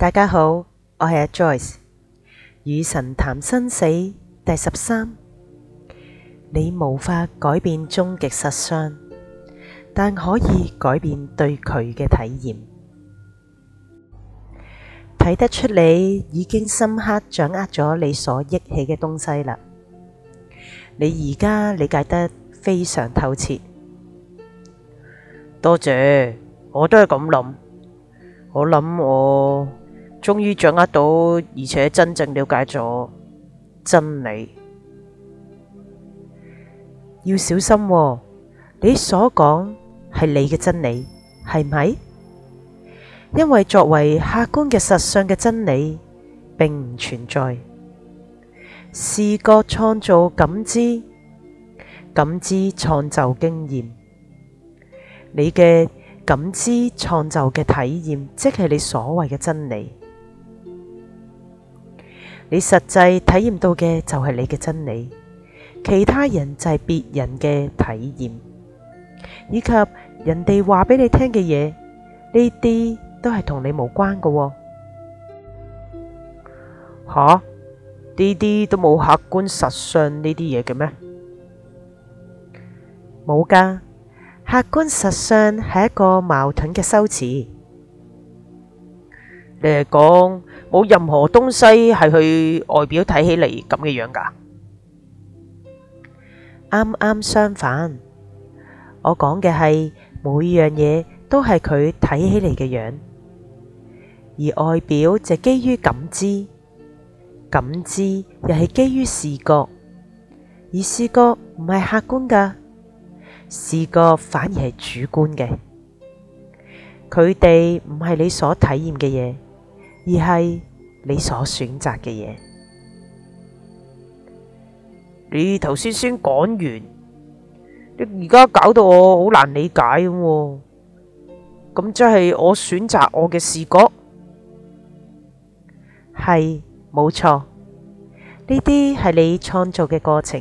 大家好，我係 Joyce，與神談生死第十三，你無法改變終極實相，但可以改變對佢嘅體驗。睇得出你已經深刻掌握咗你所憶起嘅東西啦，你而家理解得非常透徹。多謝，我都係咁諗，我諗我。終於掌握到，而且真正了解咗真理。要小心喎，你所講係你嘅真理，係咪？因為作為客觀嘅實相嘅真理，並唔存在。視覺創造感知，感知創造經驗。你嘅感知創造嘅體驗，即係你所謂嘅真理。你實際體驗到嘅就係你嘅真理，其他人就係別人嘅體驗，以及人哋話畀你聽嘅嘢，呢啲都係同你無關噶。吓、啊，呢啲都冇客觀實相呢啲嘢嘅咩？冇噶，客觀實相係一個矛盾嘅修辭。你係講冇任何東西係佢外表睇起嚟咁嘅樣噶，啱啱相反。我講嘅係每樣嘢都係佢睇起嚟嘅樣，而外表就基於感知，感知又係基於視覺，而視覺唔係客觀噶，視覺反而係主觀嘅，佢哋唔係你所體驗嘅嘢。而係你所選擇嘅嘢。你頭先先講完，你而家搞到我好難理解咁。咁即係我選擇我嘅視覺係冇錯？呢啲係你創造嘅過程。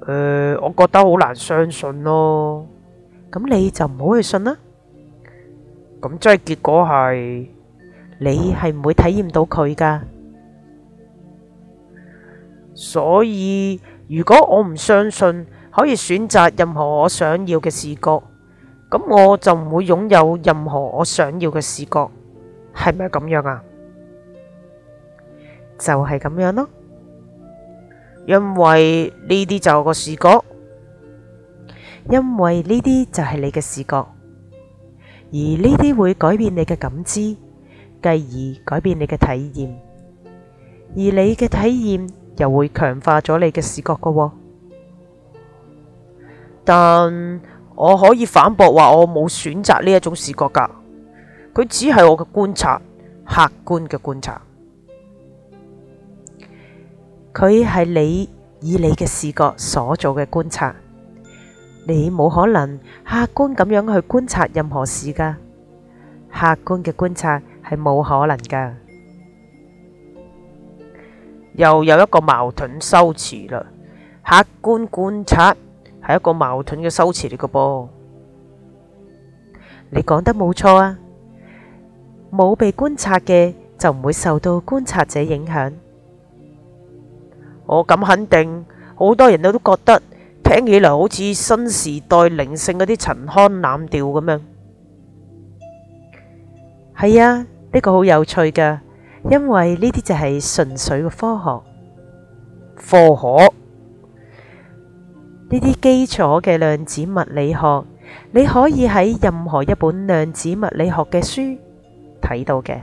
誒，我覺得好難相信咯。咁你就唔好去信啦。咁即係結果係，你係唔會體驗到佢噶。所以如果我唔相信可以選擇任何我想要嘅視覺，咁我就唔會擁有任何我想要嘅視覺，係咪咁樣啊？就係咁樣咯，因為呢啲就係我個視覺，因為呢啲就係你嘅視覺。而呢啲會改變你嘅感知，繼而改變你嘅體驗，而你嘅體驗又會強化咗你嘅視覺噶。但我可以反駁話，我冇選擇呢一種視覺噶，佢只係我嘅觀察，客觀嘅觀察，佢係你以你嘅視覺所做嘅觀察。你冇可能客觀咁樣去觀察任何事噶，客觀嘅觀察係冇可能噶。又有一個矛盾修辭啦，客觀觀察係一個矛盾嘅修辭嚟嘅噃。你講得冇錯啊，冇被觀察嘅就唔會受到觀察者影響。我敢肯定，好多人咧都覺得。聽起來好似新時代靈性嗰啲陳腔濫調咁樣，係啊，呢個好有趣噶，因為呢啲就係純粹嘅科學，科學！呢啲基礎嘅量子物理學，你可以喺任何一本量子物理學嘅書睇到嘅。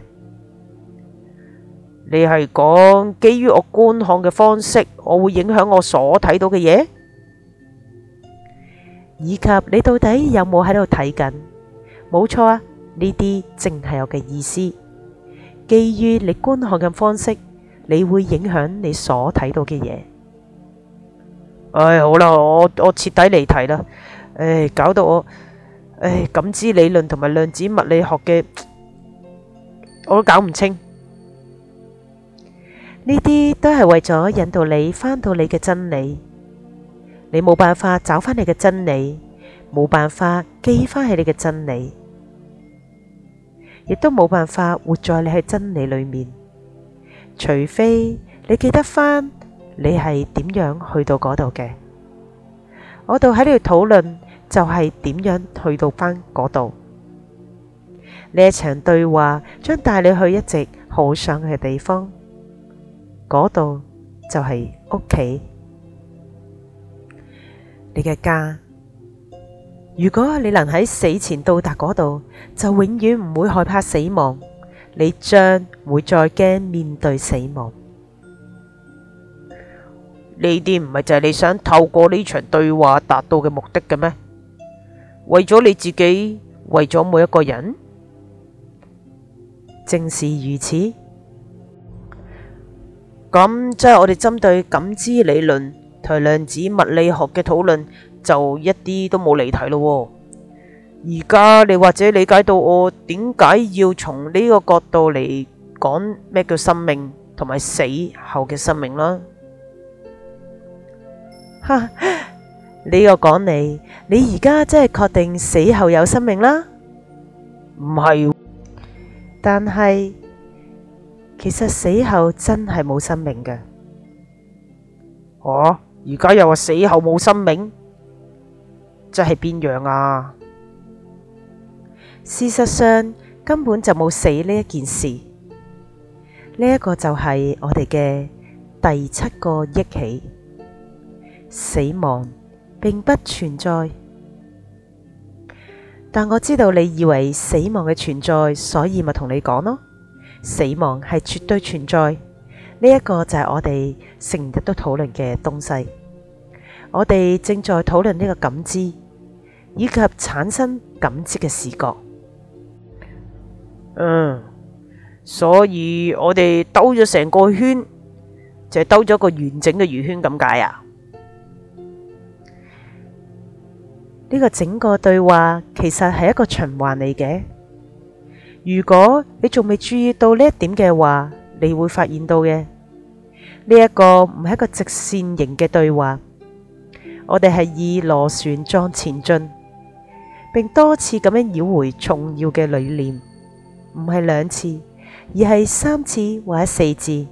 你係講基於我觀看嘅方式，我會影響我所睇到嘅嘢？以及你到底有冇喺度睇緊？冇錯啊，呢啲淨係我嘅意思。基於你觀看嘅方式，你會影響你所睇到嘅嘢。唉，好啦，我我徹底離題啦。唉，搞到我唉，感知理論同埋量子物理學嘅我都搞唔清。呢啲都係為咗引導你返到你嘅真理。你冇辦法找翻你嘅真理，冇辦法記翻起你嘅真理，亦都冇辦法活在你嘅真理裏面，除非你記得翻你係點樣去到嗰度嘅。我度喺度討論就係點樣去到翻嗰度。呢一場對話將帶你去一直好想去嘅地方，嗰度就係屋企。你嘅家，如果你能喺死前到達嗰度，就永遠唔會害怕死亡。你將唔會再驚面對死亡。呢啲唔係就係你想透過呢場對話達到嘅目的嘅咩？為咗你自己，為咗每一個人，正是如此。咁即係我哋針對感知理論同量子物理學嘅討論就一啲都冇離題咯，而家你或者理解到我點解要從呢個角度嚟講咩叫生命同埋死後嘅生命啦？哈，呢個講你，你而家真係確定死後有生命啦？唔係，但係其實死後真係冇生命嘅，哦。而家又話死後冇生命，即係邊樣啊？事實上根本就冇死呢一件事，呢、這、一個就係我哋嘅第七個憶起，死亡並不存在。但我知道你以為死亡嘅存在，所以咪同你講咯。死亡係絕對存在，呢、這、一個就係我哋成日都討論嘅東西。我哋正在討論呢個感知以及產生感知嘅視覺，嗯，所以我哋兜咗成個圈，就係兜咗一個完整嘅圓圈咁解啊。呢個整個對話其實係一個循環嚟嘅。如果你仲未注意到呢一點嘅話，你會發現到嘅，呢一個唔係一個直線型嘅對話。我哋係以螺旋狀前進，並多次咁樣繞回重要嘅理念，唔係兩次，而係三次或者四次。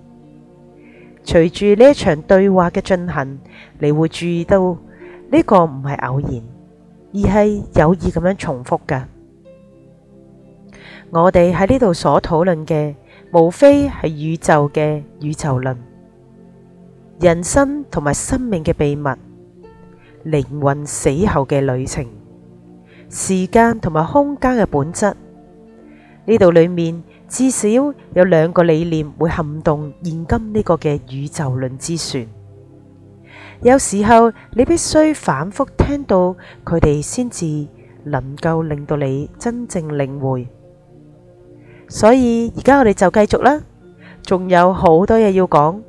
隨住呢一場對話嘅進行，你會注意到，呢個唔係偶然，而係有意咁樣重複嘅。我哋喺呢度所討論嘅，無非係宇宙嘅宇宙論、人生同埋生命嘅秘密。靈魂死後嘅旅程，時間同埋空間嘅本質，呢度裏面至少有兩個理念會撼動現今呢個嘅宇宙論之船。有時候你必須反復聽到佢哋，先至能夠令到你真正領會。所以而家我哋就繼續啦，仲有好多嘢要講，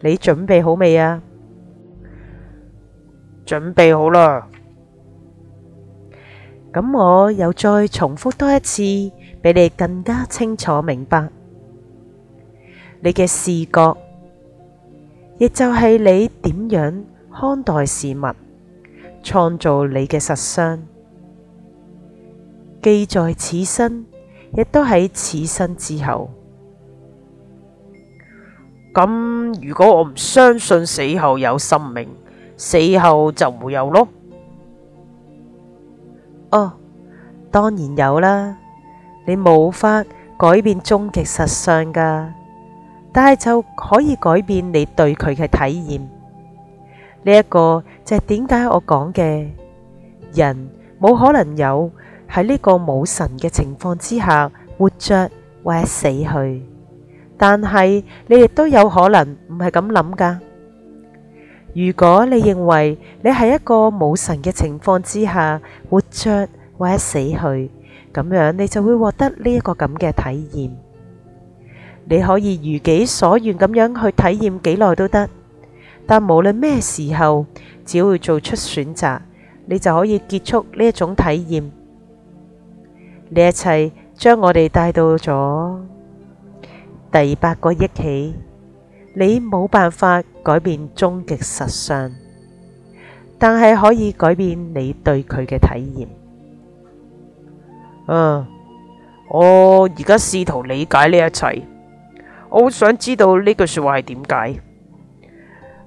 你準備好未啊？準備好啦，咁我又再重複多一次，俾你更加清楚明白。你嘅視覺，亦就係你點樣看待事物，創造你嘅實相，既在此生，亦都喺此生之後。咁如果我唔相信死後有生命？死後就冇有咯。哦，當然有啦。你冇法改變終極實相噶，但係就可以改變你對佢嘅體驗。呢、這、一個就係點解我講嘅人冇可能有喺呢個冇神嘅情況之下活着或者死去。但係你亦都有可能唔係咁諗噶。如果你認為你係一個冇神嘅情況之下活着或者死去，咁樣你就會獲得呢一個咁嘅體驗。你可以如己所願咁樣去體驗幾耐都得，但無論咩時候，只要做出選擇，你就可以結束呢一種體驗。呢一切將我哋帶到咗第八個憶起。你冇辦法改變終極實相，但係可以改變你對佢嘅體驗。嗯，我而家試圖理解呢一切，我好想知道呢句說話係點解。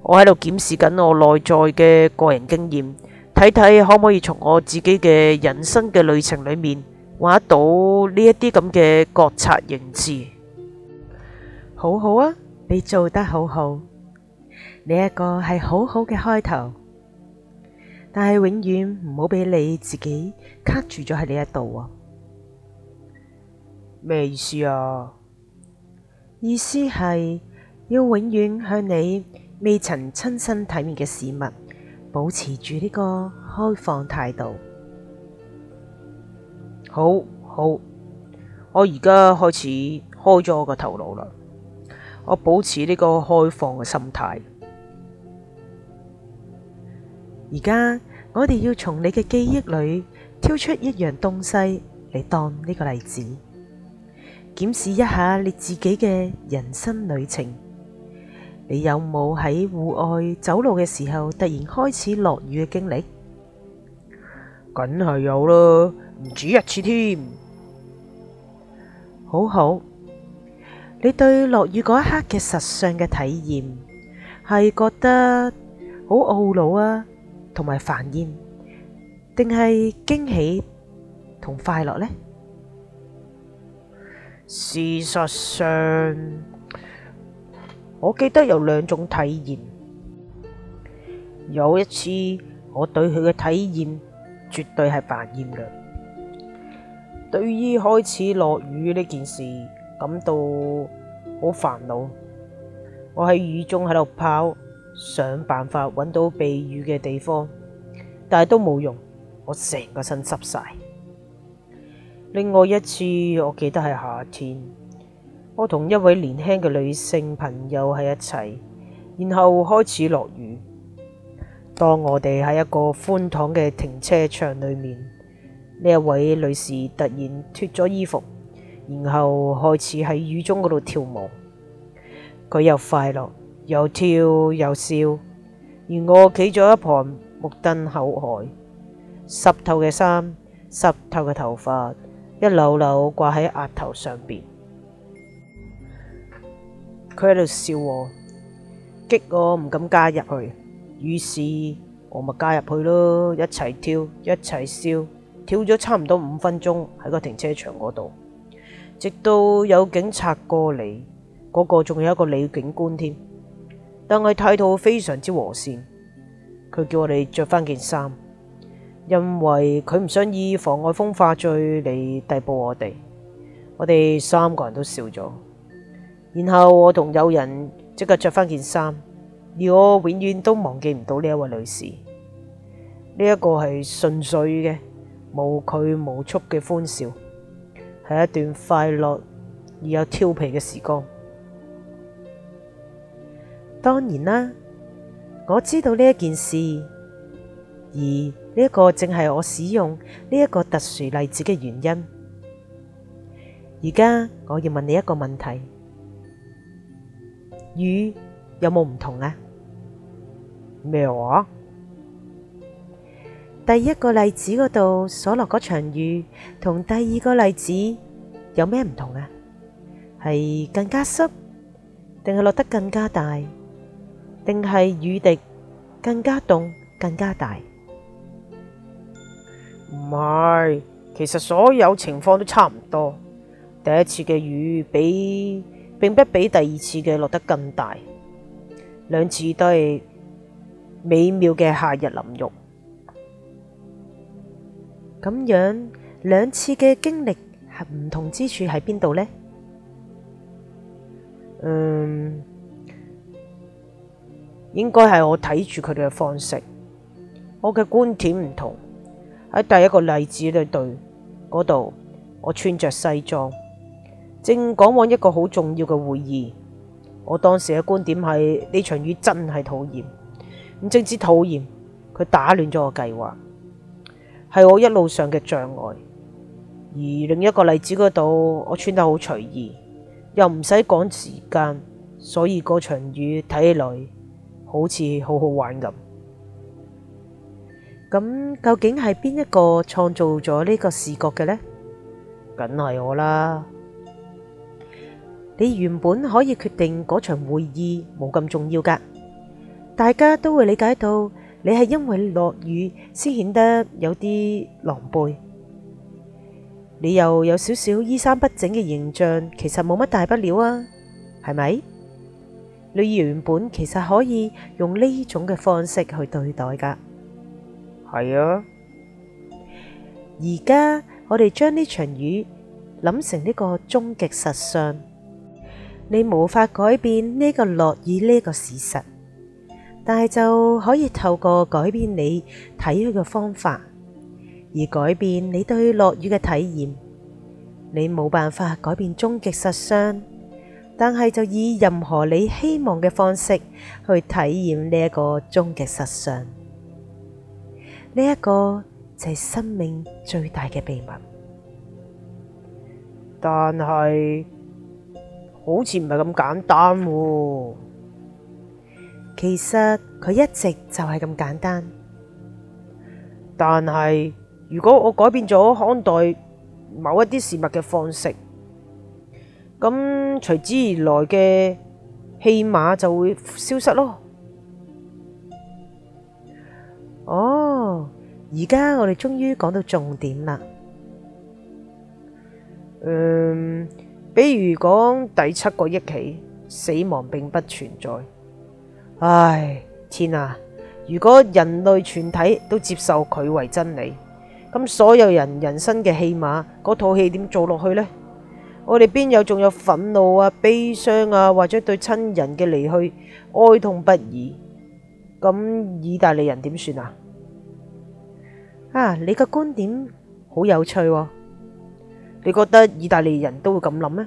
我喺度檢視緊我內在嘅個人經驗，睇睇可唔可以從我自己嘅人生嘅旅程裏面，揾到呢一啲咁嘅覺察認知。好好啊！你做得好好，呢一個係好好嘅開頭，但係永遠唔好俾你自己卡住咗喺呢一度啊！咩意思啊？意思係要永遠向你未曾親身體驗嘅事物保持住呢個、啊、個開放態度。好好，我而家開始開咗我個頭腦啦。我保持呢個開放嘅心態。而家，我哋要從你嘅記憶裏挑出一樣東西嚟當呢個例子，檢視一下你自己嘅人生旅程。你有冇喺戶外走路嘅時候突然開始落雨嘅經歷？梗係有啦，唔止一次添。好好。你對落雨嗰一刻嘅實相嘅體驗，係覺得好懊惱啊，同埋煩厭，定係驚喜同快樂呢？事實上，我記得有兩種體驗。有一次，我對佢嘅體驗絕對係煩厭㗎。對於開始落雨呢件事。感到好煩惱，我喺雨中喺度跑，想辦法揾到避雨嘅地方，但係都冇用，我成個身濕晒。另外一次，我記得係夏天，我同一位年輕嘅女性朋友喺一齊，然後開始落雨。當我哋喺一個寬敞嘅停車場裏面，呢一位女士突然脫咗衣服。然後開始喺雨中嗰度跳舞，佢又快樂，又跳又笑，而我企咗一旁，目瞪口呆，濕透嘅衫，濕透嘅頭髮一縷縷掛喺額頭上邊。佢喺度笑我，激我唔敢加入去，於是我咪加入去咯，一齊跳，一齊笑，跳咗差唔多五分鐘喺個停車場嗰度。直到有警察過嚟，嗰個仲有一個女警官添，但係態度非常之和善。佢叫我哋着翻件衫，因為佢唔想以妨礙風化罪嚟逮捕我哋。我哋三個人都笑咗，然後我同友人即刻着翻件衫，而我永遠都忘記唔到呢一位女士。呢一個係純粹嘅無拘無束嘅歡笑。係一段快樂而又調皮嘅時光。當然啦，我知道呢一件事，而呢一個正係我使用呢一個特殊例子嘅原因。而家我要問你一個問題：雨有冇唔同啊？咩話？第一個例子嗰度所落嗰場雨，同第二個例子有咩唔同呀？係更加濕，定係落得更加大？定係雨滴更加凍、更加大？唔係，其實所有情況都差唔多。第一次嘅雨比，並不比第二次嘅落得更大。兩次都係美妙嘅夏日淋浴。咁樣，兩次嘅經歷係唔同之處喺邊度呢？嗯，應該係我睇住佢哋嘅方式，我嘅觀點唔同。喺第一個例子咧，對嗰度，我穿着西裝，正趕往一個好重要嘅會議。我當時嘅觀點係，呢場雨真係討厭，唔正止討厭，佢打亂咗我計劃。係我一路上嘅障礙，而另一個例子嗰度，我穿得好隨意，又唔使趕時間，所以嗰場雨睇起來好似好好玩咁。咁究竟係邊一個創造咗呢個視覺嘅呢？梗係我啦！你原本可以決定嗰場會議冇咁重要㗎，大家都會理解到。你係因為落雨先顯得有啲狼狽，你又有少少衣衫不整嘅形象，其實冇乜大不了啊，係咪？你原本其實可以用呢種嘅方式去對待噶，係啊。而家我哋將呢場雨諗成呢個終極實相，你無法改變呢個落雨呢個事實。但係就可以透過改變你睇佢嘅方法，而改變你對落雨嘅體驗。你冇辦法改變終極實相，但係就以任何你希望嘅方式去體驗呢一個終極實相。呢一個就係生命最大嘅秘密。但係好似唔係咁簡單的。其實佢一直就係咁簡單，但係如果我改變咗看待某一啲事物嘅方式，咁隨之而嚟嘅戲碼就會消失咯。哦，而家我哋終於講到重點啦。嗯，比如講第七個憶起，死亡並不存在。唉，天啊！如果人類全體都接受佢為真理，咁所有人人生嘅戲碼嗰套戲點做落去呢？我哋邊有仲有憤怒啊、悲傷啊，或者對親人嘅離去哀痛不已？咁意大利人點算啊？啊，你嘅觀點好有趣喎！你覺得意大利人都會咁諗咩？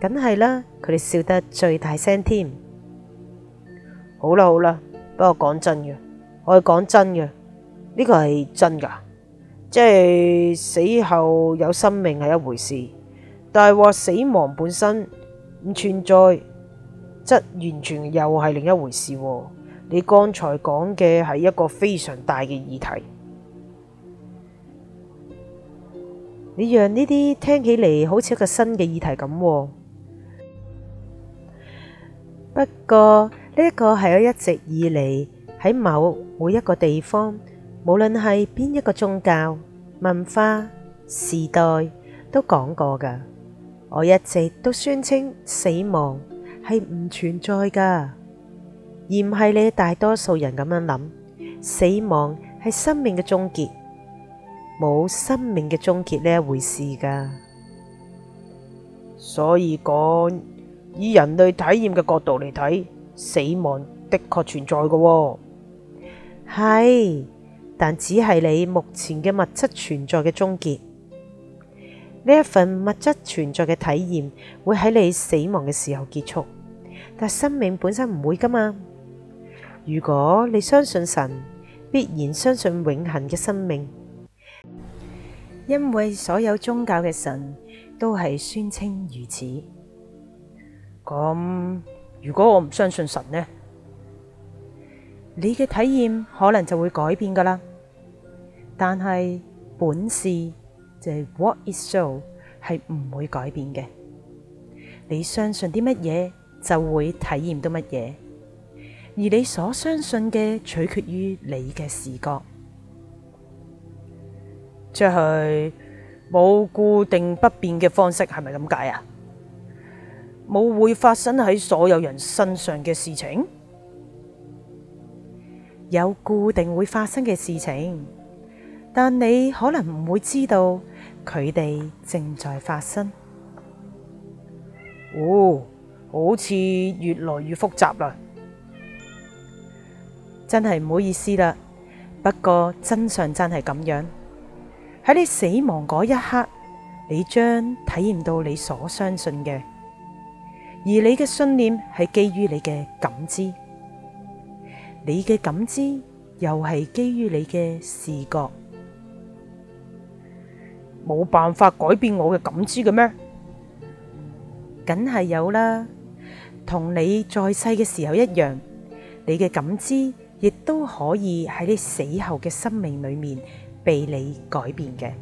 梗係啦，佢哋笑得最大聲添。好啦好啦，不過講真嘅，我係講真嘅，呢個係真㗎，即係死後有生命係一回事，但係話死亡本身唔存在，則完全又係另一回事喎。你剛才講嘅係一個非常大嘅議題，你讓呢啲聽起嚟好似一個新嘅議題咁喎。不過。呢一個係我一直以嚟，喺某每一個地方，無論係邊一個宗教、文化、時代，都講過噶。我一直都宣稱死亡係唔存在噶，而唔係你大多數人咁樣諗，死亡係生命嘅終結，冇生命嘅終結呢一回事噶。所以講，以人類體驗嘅角度嚟睇。.死亡的確存在嘅、哦，係，但只係你目前嘅物質存在嘅終結。呢一份物質存在嘅體驗會喺你死亡嘅時候結束，但生命本身唔會噶嘛。如果你相信神，必然相信永恆嘅生命，因為所有宗教嘅神都係宣稱如此。咁、嗯。如果我唔相信神呢，你嘅體驗可能就會改變噶啦。但係本事，就係、是、what is so 係唔會改變嘅。你相信啲乜嘢，就會體驗到乜嘢，而你所相信嘅取決於你嘅視覺。即係冇固定不變嘅方式，係咪咁解啊？冇會發生喺所有人身上嘅事情，有固定會發生嘅事情，但你可能唔會知道佢哋正在發生。哦，好似越來越複雜啦，真係唔好意思啦。不過真相真係咁樣，喺你死亡嗰一刻，你將體驗到你所相信嘅。而你嘅信念係基於你嘅感知，你嘅感知又係基於你嘅視覺，冇辦法改變我嘅感知嘅咩？梗係有啦，同你在世嘅時候一樣，你嘅感知亦都可以喺你死後嘅生命裏面被你改變嘅。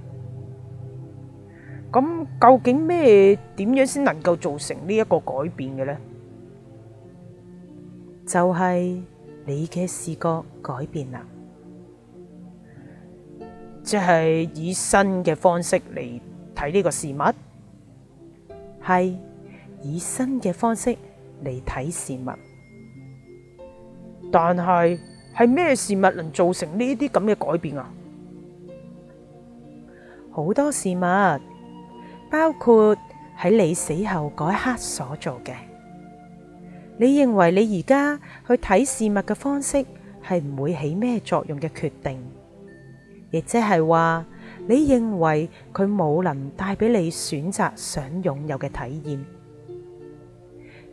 咁究竟咩點樣先能夠造成呢一個改變嘅呢？就係你嘅視覺改變啦，即係以新嘅方式嚟睇呢個事物，係以新嘅方式嚟睇事物。但係係咩事物能造成呢啲咁嘅改變啊？好多事物。包括喺你死後嗰一刻所做嘅，你認為你而家去睇事物嘅方式係唔會起咩作用嘅決定，亦即係話你認為佢冇能帶俾你選擇想擁有嘅體驗，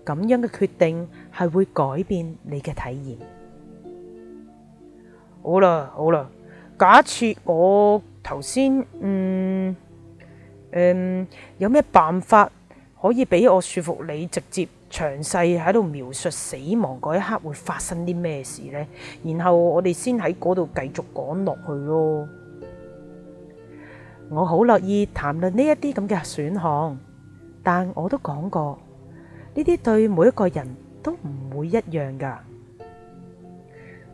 咁樣嘅決定係會改變你嘅體驗。好啦，好啦，假設我頭先嗯。嗯，有咩辦法可以俾我説服你直接詳細喺度描述死亡嗰一刻會發生啲咩事呢？然後我哋先喺嗰度繼續講落去咯。我好樂意談論呢一啲咁嘅選項，但我都講過呢啲對每一個人都唔會一樣㗎。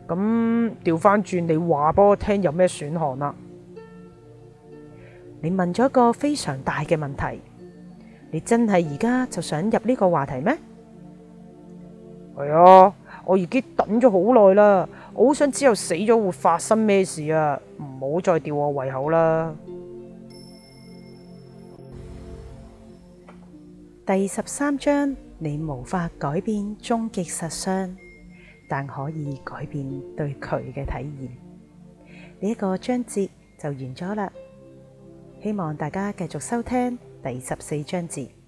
咁調返轉，你話俾我聽有咩選項啦？你問咗一個非常大嘅問題，你真係而家就想入呢個話題咩？係啊，我已經等咗好耐啦，我好想知道死咗會發生咩事啊！唔好再吊我胃口啦。第十三章，你無法改變終極實相，但可以改變對佢嘅體驗。呢個章節就完咗啦。希望大家繼續收聽第十四章節。